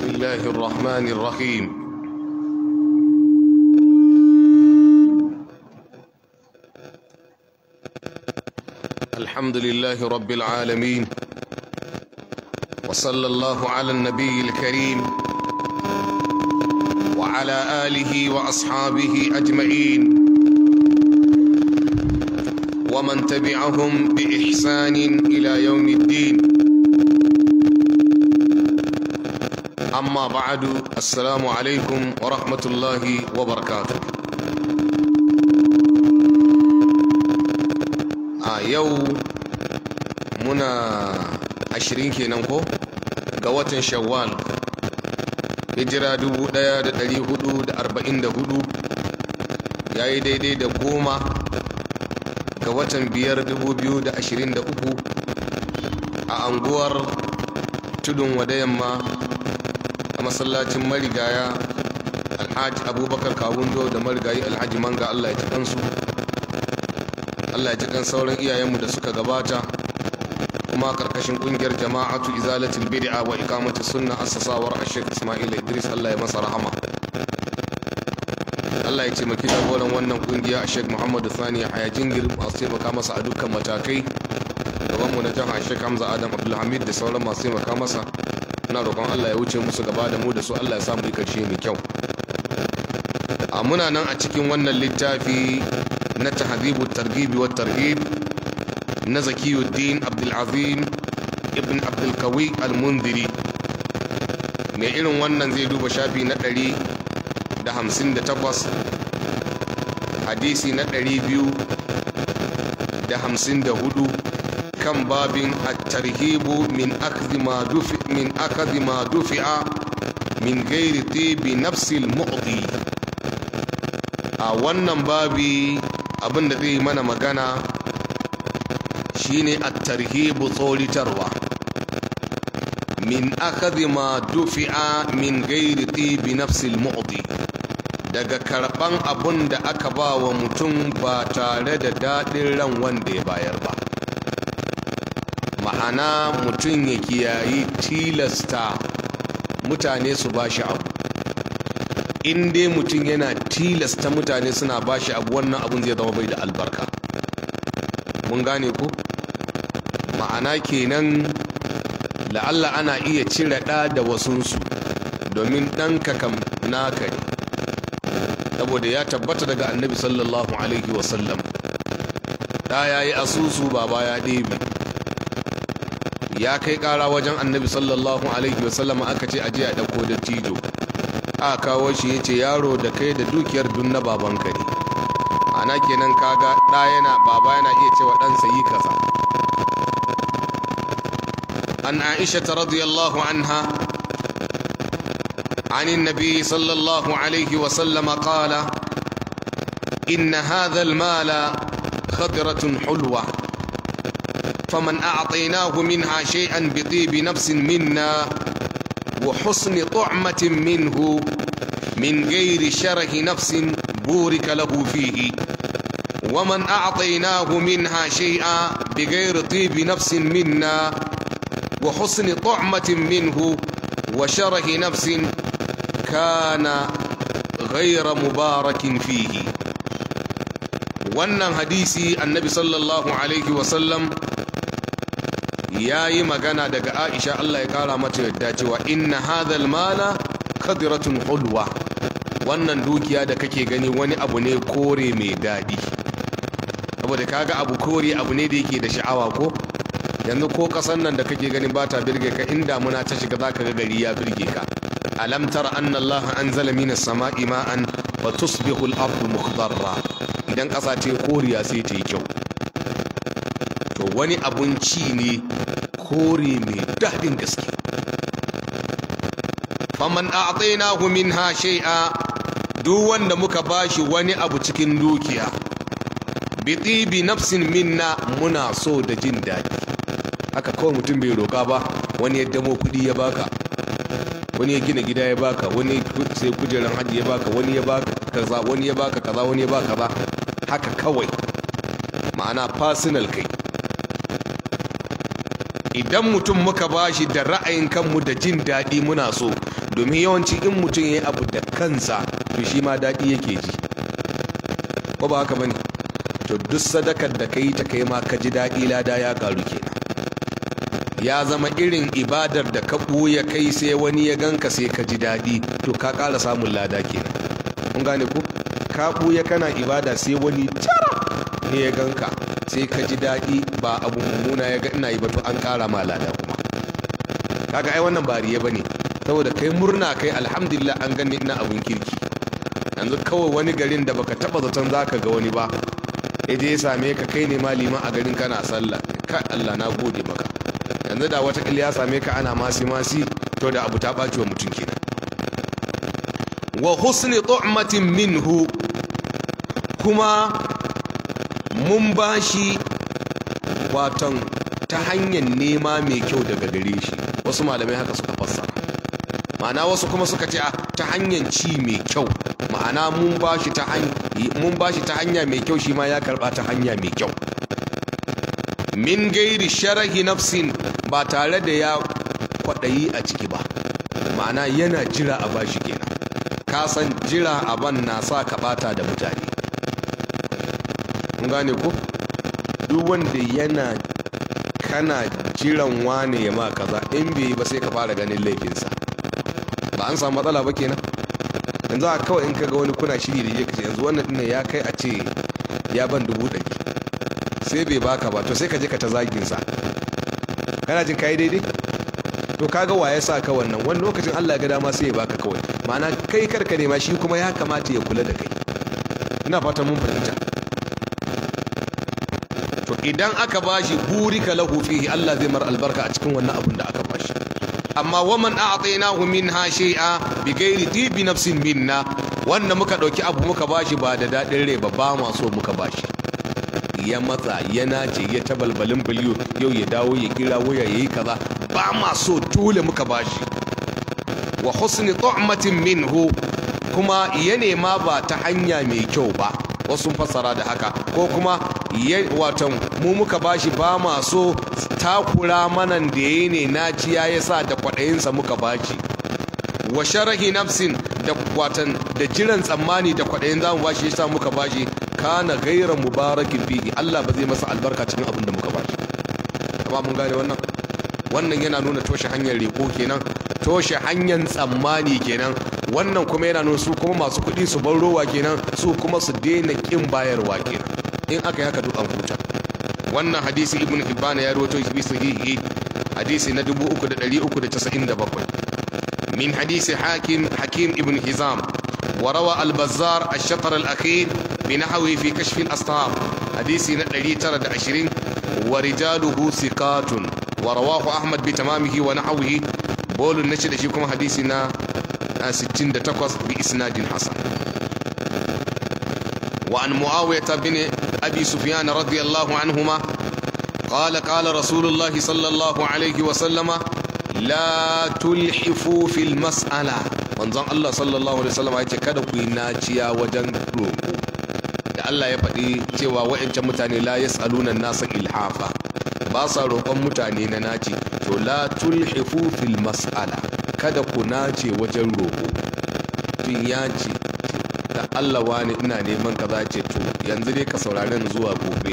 بسم الله الرحمن الرحيم الحمد لله رب العالمين وصلى الله على النبي الكريم وعلى آله وأصحابه أجمعين ومن تبعهم بإحسان إلى يوم الدين amma ba'adu assalamu alaikum wa rahmatullahi wa barakatu a yau muna ashirin kenan ko ga watan shawwal hijira 1444 ya yi daidai da goma ga watan biyar 2023 a anguwar tudun yamma a masallacin marigaya alhaji abubakar kawundo da marigayi alhaji manga allah ya ci kansu allah ya ci kan sauran iyayenmu da suka gabata kuma karkashin kungiyar jama'atu izalatin bid'a wa suna sunna assasawar ashek ismail idris allah ya masa rahama allah ya taimaki jagoran wannan kungiya ashek muhammadu sani haya jingir masu taimaka masa a dukkan matakai gabanmu na jihar ashek hamza adam abdulhamid da sauran masu taimaka masa muna roƙon Allah ya wuce musu gaba da mu da su Allah ya samu karshe mai kyau a muna nan a cikin wannan littafi na tahzibu targhibi wa tarhib na zakiyuddin abdul azim ibn abdul qawi al mundiri mai irin wannan zai duba shafi na ɗari da hamsin da takwas hadisi na ɗari biyu da hamsin da hudu kan babin at-tarhibu min akhdhi ma min akhdhi ma dufi'a min ghairi tibi nafsil a wannan babi abin da zai mana magana shine at-tarhibu tsoritarwa min akhdhi ma dufi'a min gairi tibi nafsil mu'di daga karban abin da aka ba wa mutum ba tare da daɗin ran wanda ya bayar ba ma'ana mutum ya kiyayi tilasta mutane su ba shi abu in dai mutum yana tilasta mutane suna ba shi abu wannan abun zai zama bai da albarka mun gane ku ma'ana kenan la'alla ana iya cire ɗa da wasunsu domin ka kam naka ne saboda ya tabbata daga annabi sallallahu alaihi wasallam ɗa ya yi asusu baba ya ɗebe ya kai kara wajen annabi sallallahu alaihi wasallam aka ce aje a dauko da tijo a kawo shi ya ce yaro da kai da dukiyar dun na babanka ne ana kenan kaga ɗa yana baba yana iya cewa ɗansa yi kasa an aisha ta radiyallahu anha عن النبي صلى الله عليه وسلم قال إن هذا المال خضرة حلوة فمن أعطيناه منها شيئا بطيب نفس منا وحسن طعمة منه من غير شره نفس بورك له فيه ومن أعطيناه منها شيئا بغير طيب نفس منا وحسن طعمة منه وشره نفس كان غير مبارك فيه حديث النبي صلى الله عليه وسلم ya yi magana daga aisha allah ya kara mata yadda cewa inna hadhal mala kadiratun hulwa wannan dukiya da kake gani wani abu ne kore mai daɗi saboda kaga abu kore abu ne da yake da sha'awa ko yanzu ko kasan nan da kake gani ba ta birge ka in damuna ta shiga zaka ga gari ya birge ka alam tara anna allah anzala sama'i ma'an wa tusbihu al-ardu mukhdarra idan kasa ce koriya sai ta yi kyau wani abinci ne kore mai daɗin gaske faman a'tainahu ha shai'a, duk wanda muka bashi wani abu cikin dukiya bi bi nafsin minna muna so da jin daɗi haka kawai mutum bai roƙa ba wani ya damo kuɗi ya baka wani ya gina gida ya baka wani sai kujeran hajji ya baka wani ya baka kaza wani ya baka kaza wani ya baka ba haka kawai ma'ana personal kai idan mutum muka bashi da ra'ayin kanmu da jin daɗi muna so domin yawanci in mutum ya yi abu da kansa to shi ma daɗi yake ji ko ba haka bane to duk sadakar da ka yi ta kai ma ka ji daɗi lada ya ƙaru kenan ya zama irin ibadar da ka ɓoye kai sai wani ya ganka sai ka ji daɗi to ka ƙara samun lada kenan kun gane ku ka ɓuya kana ibada sai wani cara ne ya ganka sai ka ji daɗi ba abu mummuna ya ga ina yi ba to an ƙara ma lada kuma kaga ai wannan bariye ba ne saboda kai murna kai alhamdulillah an gani ina abun kirki yanzu kawai wani garin da baka taba zaton za ka ga wani ba ya je ya same ka kai ne a garin kana sallah ka Allah na gode maka yanzu da wata ya same ka ana masi masi to da abu ta ɓaci wa mutum kenan wa husni tu'matin minhu kuma mun ba shi watan ta hanyar nema mai kyau daga gare shi wasu malamai haka suka fassara ma'ana wasu kuma suka ce ta hanyar ci mai kyau ma'ana mun ba shi ta hanya mai kyau shi ma ya karba ta hanya mai kyau min gairi sharahi nafsin ba tare da ya kwaɗayi a ciki ba ma'ana yana jira a bashi kenan ka san jira a ban na sa ka bata da mutane gane ko duk wanda yana kana jiran wane ya ma kaza in bai yi ba sai ka fara ganin laifinsa ba an samu matsala ba kenan yanzu a kawai in kaga wani kuna shiri da yake yanzu wannan dinnan ya kai a ce ya ban dubu ɗari sai bai baka ba to sai ka je ka ta zagin sa kana jin kai daidai to kaga wa ya sa ka wannan wani lokacin Allah ya ga dama sai ya baka kawai ma'ana kai karka ne ma shi kuma ya kamata ya kula da kai ina fatan mun fahimta to idan aka bashi burika lahu fihi Allah zai mar albarka a cikin wannan abun da aka ba shi. amma waman a'tainahu minha shay'a ghairi tibi nafsin minna wanda muka dauki abu muka bashi ba da dadin rai ba ma so muka bashi ya matsa ya nace ya tabalbalin biliyo yau ya dawo ya kira waya yayi kaza ba ma so tole muka bashi wa husni tu'matin minhu kuma ya nema ba ta hanya mai kyau ba wasu fasara da haka ko kuma watan mu muka bashi ba masu takura manan da ya yi ne ciya ya sa da kwaɗayinsa muka bashi wa sharahi nafsin da watan da jiran tsammani da kwaɗayin zamu bashi sa muka bashi kana gairan mubarakin fihi Allah ba zai masa albarka cikin abin da muka bashi ba mun gane wannan wannan yana nuna toshe hanyar riko kenan toshe hanyar tsammani kenan wannan kuma yana nuna su kuma masu kuɗi su bar rowa kenan su kuma su daina kin bayarwa kenan in aka haka duk an huta wannan hadisi ibn hibban ya rawaito shi bi sahihi hadisi na 3397 min hadisi hakim hakim ibn hizam wa rawa al bazzar al shatr al akhir bi nahwi fi kashf al asbab hadisi na 920 wa rijaluhu siqatun wa rawahu ahmad bi tamamihi wa nahwihi bolun nashi da shi kuma hadisi na 68 bi isnadin hasan وعن معاوية بن أبي سفيان رضي الله عنهما قال قال رسول الله صلى الله عليه وسلم لا تلحفوا في المسألة manzon Allah sallallahu alaihi wasallam ya ce kada ku yi naciya wajen roƙo da Allah ya faɗi cewa wa'ancan mutane la yas'aluna nasa ilhafa basa sa mutane na naci to la tulhifu fil mas'ala kada ku nace wajen roƙo tun ya allah wani ina neman za ce to yanzu dai ka saurari zuwa gobe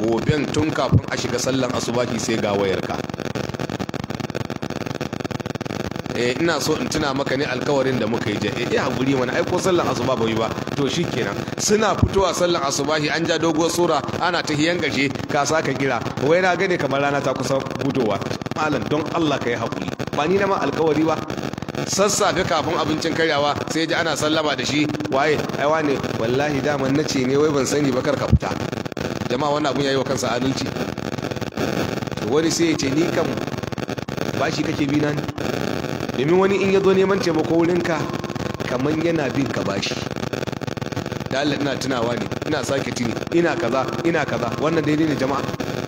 goben tun kafin a shiga sallan asubaki sai ga wayarka eh ina so in tuna maka ne alkawarin da muka yi je eh, eh hakuri mana ai ko sallan asuba bai ba to shikenan suna fitowa sallan asubahi an ja doguwar sura ana ta hiyan gashe ka saka kira wai na gane kamar rana ta kusa gudowa malam don Allah ka yi hakuri ba ni na ma alkawari ba sassafe kafin abincin karyawa sai ji ana sallama da shi waye ai wane wallahi daman na ce ne wai ban sani ba kar ka fita jama'a wannan abun yayi wa kansa adalci wani sai ya ce ni ba bashi kake bi na ni. domin wani in ya zo neman taimako wurinka kamar yana bin ka bashi da Allah ina tunawa ne ina sake tuni ina kaza ina kaza wannan daidai ne jama'a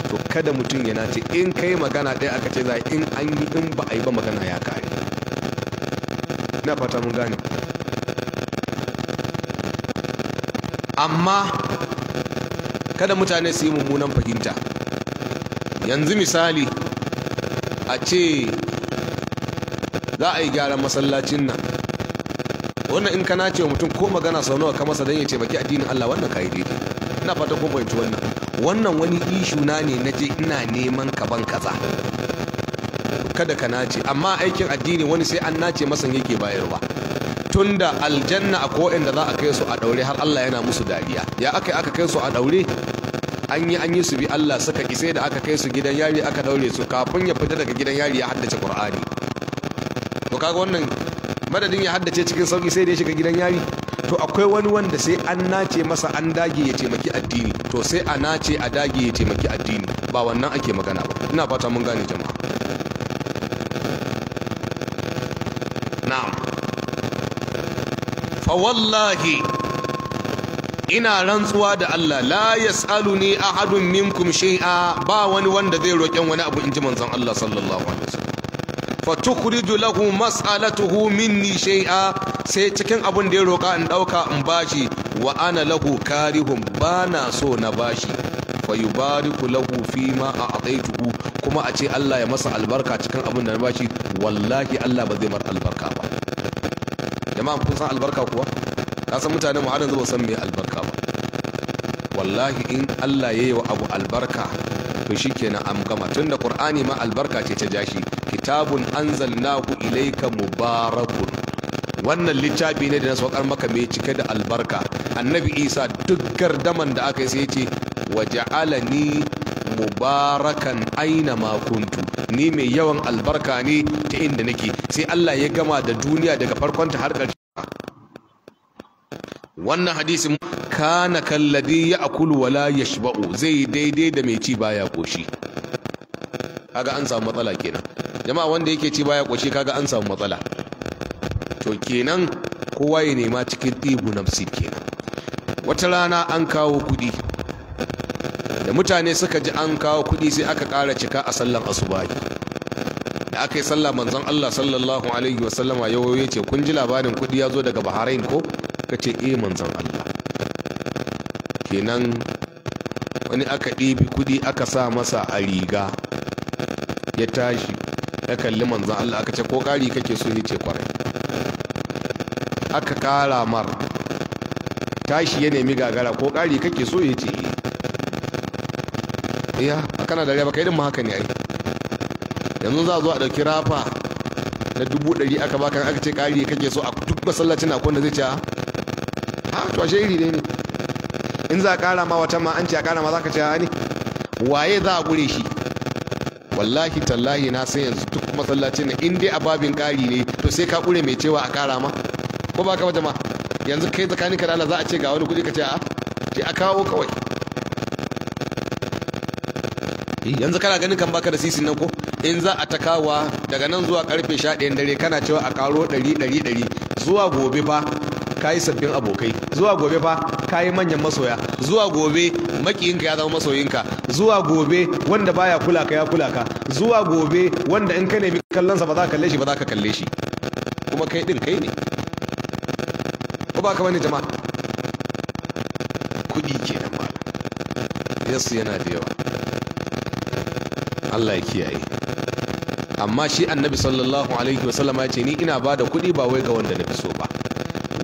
to kada mutum yana ce in kai magana ɗaya aka ce za in an yi in ba a yi ba magana ya kare ina fata mun gane amma kada mutane su yi mummunan fahimta yanzu misali a ce za a yi gyaran masallacin nan wannan in kana ce mutum ko magana sau nawa ka masa don ya baki addinin Allah wannan ka yi daidai ina fata ko fahimci wannan wannan wani ishu na ne na je ina neman kaban kaza kada ka nace amma aikin addini wani sai an nace masan yake bayarwa tunda aljanna akwai da za a kai su a daure har Allah yana musu dariya ya aka aka kai su a daure an yi an yi su bi Allah suka ki da aka kai su gidan yari aka daure su kafin ya fita daga gidan yari ya haddace Qur'ani to kaga wannan madadin ya haddace cikin sauki sai da ya shiga gidan yari to akwai wani wanda sai an nace masa an dage ya taimaki addini to sai a nace a dage ya taimaki addini ba wannan ake magana ba ina fata mun gane jama'a na'am fawallahi ina rantsuwa da Allah la yasaluni ahadun minkum shay'a ba wani wanda zai roƙen wani abu inji manzon Allah sallallahu alaihi wasallam fa tukhriju lahu mas'alatuhu minni shay'a sai cikin abin da ya roƙa in ɗauka in bashi wa ana lahu ba bana so na bashi fa yubariku lahu fima tuhu kuma a ce Allah ya masa albarka cikin abin da na bashi wallahi Allah ba zai mar albarka ba jama'a kun san albarka kuwa ka san mutane mu har zuba san me albarka ba wallahi in Allah ya yi wa abu albarka to na an gama da qur'ani ma albarka ce ta jashi kitabun ku ilaika mubarakun wannan littafi ne da na saukar maka mai cike da albarka annabi isa duk gardaman da aka yi sai ce wa ja'alani mubarakan aina makuntu ni mai yawan albarka ne ta inda nake sai Allah ya gama da duniya daga farkonta har ƙarshe wannan hadisin kana ya akulu wala yashba'u zai daidai da mai ci baya koshi kaga an samu matsala kenan jama'a wanda yake ci baya koshi kaga an samu matsala to kenan kowa ya nema cikin ɗibu nafsi kenan wata rana an kawo kuɗi da mutane suka ji an kawo kuɗi sai aka ƙara cika a sallan asubahi da aka yi sallah manzon Allah sallallahu alaihi wasallama ya ce kun ji labarin kuɗi ya zo daga Bahrain ko aka ce eh manzon Allah kenan wani aka ɗebi kuɗi aka sa masa a riga ya tashi ya kalli manzan Allah aka ce ko ƙari kake so ya ce kwarai aka ƙara mar tashi ya nemi gagara ko ƙari kake so ya ce iya eh. kana da ba kai din ma haka ne ai yanzu za a zo a ɗauki rafa na dubu ɗari aka baka aka ce ƙari kake so a duk masallacin akwai da zai ce ah, to ashe iri ne ne in za a kara ma wata ma an ce a kara ma za ka ce a ne waye za a gure shi wallahi tallahi na san yanzu duk masallacin na in dai a babin kari ne to sai ka kure mai cewa a kara ma ko ba ka ba jama'a yanzu kai tsakanin da za a ce ga wani kuɗi ka ce a ce a kawo kawai eh, yanzu kana ganin kan baka da sisin nan ko in za a ta takawa daga nan zuwa karfe 11 dare kana cewa a karo 100 ɗari, zuwa gobe ba. Ka yi sabbin abokai zuwa gobe fa ka yi manyan masoya zuwa gobe makiyinka ya zama masoyinka zuwa gobe wanda baya kula ka ya kula ka zuwa gobe wanda in ka nemi kallonsa ba za ka kalle shi ba za ka kalle shi kuma kai din kai ne ko ba ka bane jama'a kuɗi kenan ba. yasu yana da yawa Allah ya kiyaye amma shi annabi sallallahu alaihi wasallama ya ce ni ina ba da kuɗi ba wai ga wanda na fi so ba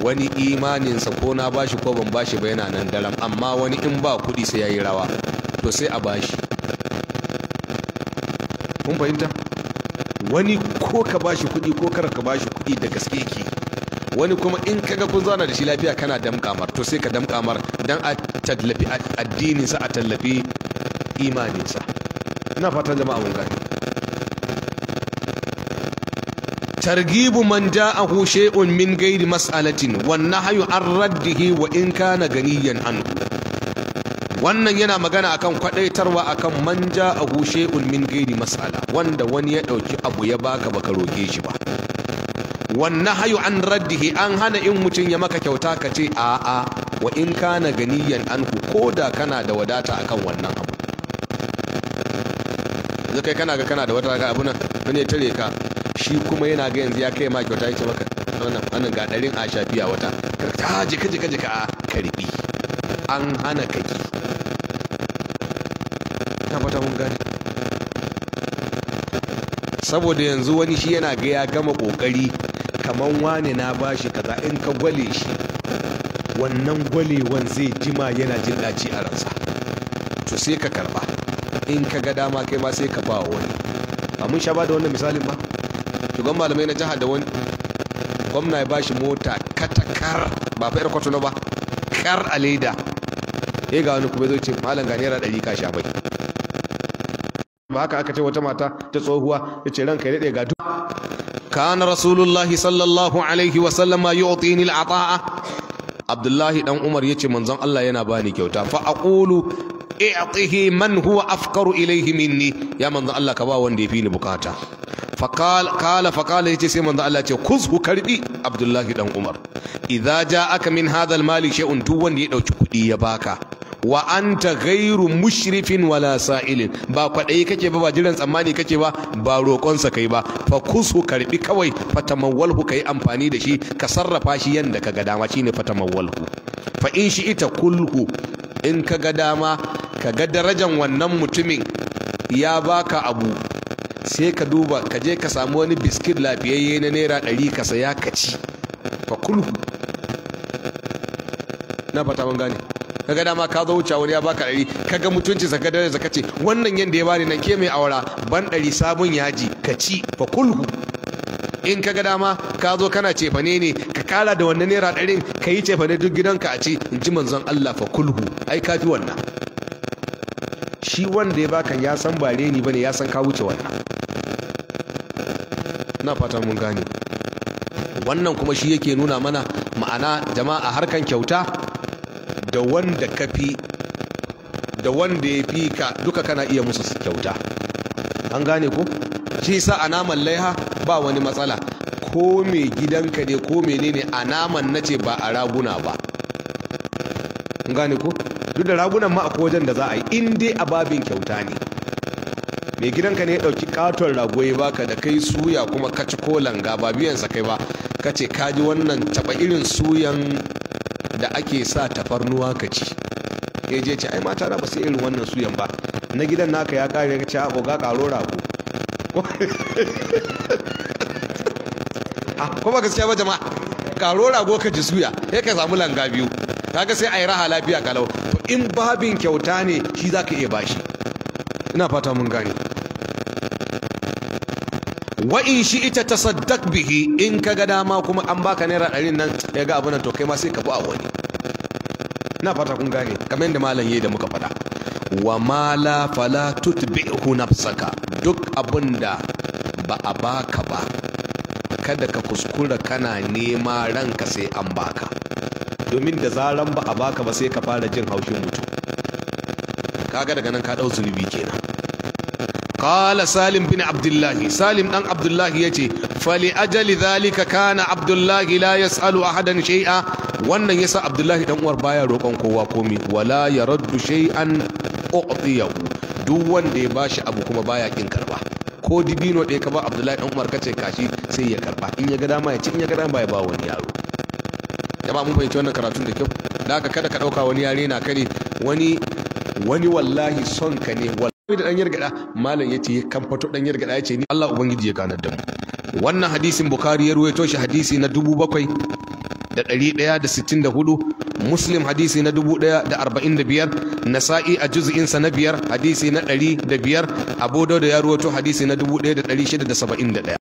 wani imaninsa ko na bashi ko ban bashi ba yana nan daram amma wani in ba kuɗi sai ya yi rawa to sai a bashi kun fahimta wani ko ka bashi kuɗi ko kar ka bashi kuɗi da gaske yake wani kuma in kaga kun zauna da shi lafiya kana damƙa mar to sai ka damƙa mar dan a tallafi addininsa a tallafi imaninsa ina fatan jama'a mun gani targibu man ja'ahu shay'un min gairi mas'alatin wan nahyu an raddihi wa in na ganiyan anhu wannan yana magana akan kwadaitarwa akan man a shay'un min gairi mas'ala wanda wani ya dauki abu ya baka baka roke shi ba wannan nahyu an raddihi an hana in mutun ya maka kyauta ka ce a a wa in kana ganiyan anhu koda kana da wadata akan wannan abu yanzu kana ga kana da wadata abu nan ne tare ka shi kuma yana ga yanzu ya kai ma kyauta ya ce maka wannan wannan ga ɗarin a shafi a wata ka ah, jika jika jika a karbi an hana kaki na fata mun gani saboda yanzu wani shi yana ga ya gama kokari kaman wani na bashi kaza in ka gwale shi wannan gwalewan zai jima yana jin daci a ransa to sai ka karba in ka ga dama kai ma sai ka ba wani ba mun sha ba da wannan misalin ba shugaban malamai na jihar da wani gwamna ya bashi mota katakar ba fa kwatuna ba kar a leda ya eh, ga wani kuma zai ce malam ga ɗari kashi sha ba haka aka ce wata mata ta tsohuwa ya ce ranka ya ga duk كان رسول الله صلى الله عليه وسلم يعطيني العطاء Abdullahi Dan Umar ya ce, منزon Allah yana bani kyauta fa aqulu i'tihi man huwa afkaru ilai himini, ya manzon Allah ka ba wanda ya fi ni bukata faƙala faƙala ya ce sai manzo Allah ce kuzhu karbi abdullahi dan umar Iza ja aka min hadha mali shay'un duk wanda ya dauki kuɗi ya baka wa anta ghairu mushrifin wala sa'ilin ba kwaɗayi kake ba ba jiran tsammani kake ba ba roƙonsa kai ba fa kuzhu karbi kawai ka yi amfani da shi ka sarrafa shi yanda ka ga dama shine fatamawwalhu fa in shi ita kulhu in ka ga dama ka ga darajan wannan mutumin ya baka abu sai ka duba ka je ka samu wani biskit lafiyayye na naira ɗari ka saya ka ci fa kulhu na fata mun gane kaga dama ka zo wuce wani ya baka ɗari kaga mutunci sa kadar zaka ce wannan yanda ya bani nan ke mai aura ban ɗari sabon yaji ka ci fa kulhu in kaga dama ka zo kana cefane ne ka kala da wannan naira ɗarin ka yi cefane duk gidanka a ci in ji manzon Allah fa kulhu ai ka fi wannan shi wanda ya baka ya san ba ni bane ya san ka wuce wannan ina fatan mun gane wannan kuma shi yake nuna mana ma'ana jama'a harkan kyauta da wanda ka fi da wanda ya fi ka duka kana iya musu kyauta an gane ko shi sa a naman laiha ba wani matsala ko me gidanka ne ko menene a naman na ce ba a raguna ba an gane ko duk da ragunan ma a wajen da za a yi in dai a babin kyauta ne mai gidanka ne ya ɗauki katon rago ya baka da kai suya kuma ka ci ko langa ba biyan sa kai ba ka ce ka ji wannan taɓa irin suyan da ake sa tafarnuwa ka ci ya je ce ai mata na ba su irin wannan suyan ba na gidan naka ya kare ka ce a ga karo rago ah, kuma gaskiya ba jama'a karo rago ka ji suya ya ka samu langa biyu kaga sai a yi raha lafiya kalau to in babin kyauta ne shi za ka iya bashi ina fata mun gane wa in shi ita tasaddaq bihi in ka ga dama kuma an baka naira ɗari nan ya ga abin to kai ma sai ka bi a wani ina fata kun gane kamar yadda malam yayi da muka faɗa wa mala fala tutbi'hu nafsaka duk da ba a baka ba kada ka kuskura kana nema ranka sai an baka domin da zaran ba a baka ba sai ka fara jin haushin mutum kaga daga nan ka dau zunubi kenan qala salim bin abdullah salim dan abdullah yace fali ajali zalika kana abdullah la yasalu ahadan shay'a wannan yasa abdullah dan uwar baya roƙon kowa komai. wala yaraddu shay'an u'tiyahu duk wanda ya bashi abu kuma baya kin karba ko dibino ɗaya ka ba abdullahi dan umar kace kashi sai ya karba in ya ga dama ya ci in ya ga dama ya ba wani yaro jama mun fahimci wannan karatun da kyau da haka kada ka ɗauka wani yare na kare wani wani wallahi son ka ne wallahi da dan yargada malam yace kan fato dan yargada yace ni Allah ubangiji ya ganar da mu wannan hadisin bukhari ya ruwaito shi hadisi na 7164 muslim hadisi na 1145 nasa'i a juz'in sa na 5 hadisi na 105 abu dawud ya ruwaito hadisi na 1671